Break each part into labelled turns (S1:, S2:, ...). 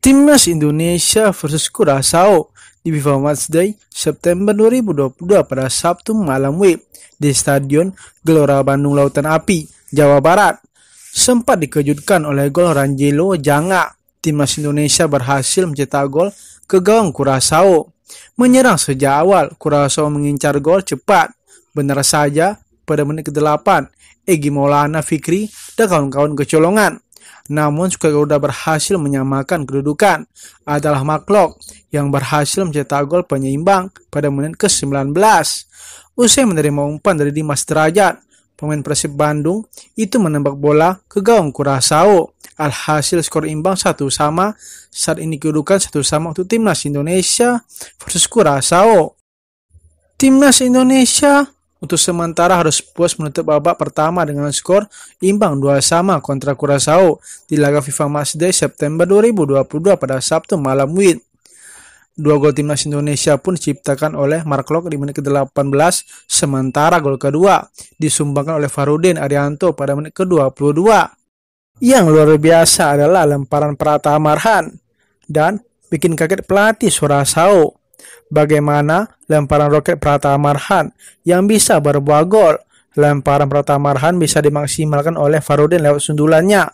S1: Timnas Indonesia versus Curaçao di FIFA Matchday September 2022 pada Sabtu malam WIB di Stadion Gelora Bandung Lautan Api, Jawa Barat. Sempat dikejutkan oleh gol Ranjelo Janga, Timnas Indonesia berhasil mencetak gol ke gawang Curaçao. Menyerang sejak awal, Curaçao mengincar gol cepat. Benar saja, pada menit ke-8, Egi Maulana Fikri dan kawan-kawan kecolongan namun Garuda berhasil menyamakan kedudukan, adalah Maklok yang berhasil mencetak gol penyeimbang pada menit ke-19. Usai menerima umpan dari Dimas Derajat, pemain Persib Bandung itu menembak bola ke gawang Kurasao. Alhasil skor imbang satu sama, saat ini kedudukan satu sama untuk timnas Indonesia versus Kurasao. Timnas Indonesia untuk sementara harus puas menutup babak pertama dengan skor imbang dua sama kontra Curaçao di laga FIFA Matchday September 2022 pada Sabtu malam WIB. Dua gol timnas Indonesia pun diciptakan oleh Mark Lok di menit ke-18, sementara gol kedua disumbangkan oleh Farudin Arianto pada menit ke-22. Yang luar biasa adalah lemparan Pratama Marhan dan bikin kaget pelatih Surasao Bagaimana lemparan roket Pratama Arhan yang bisa berbuah gol? Lemparan Pratama Arhan bisa dimaksimalkan oleh Farudin lewat sundulannya.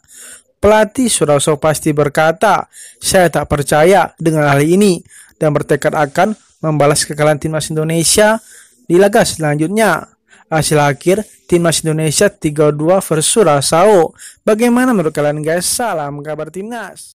S1: Pelatih Suroso pasti berkata, saya tak percaya dengan hal ini dan bertekad akan membalas kekalahan timnas Indonesia di laga selanjutnya. Hasil akhir timnas Indonesia 3-2 versus Rasau. Bagaimana menurut kalian guys? Salam kabar timnas.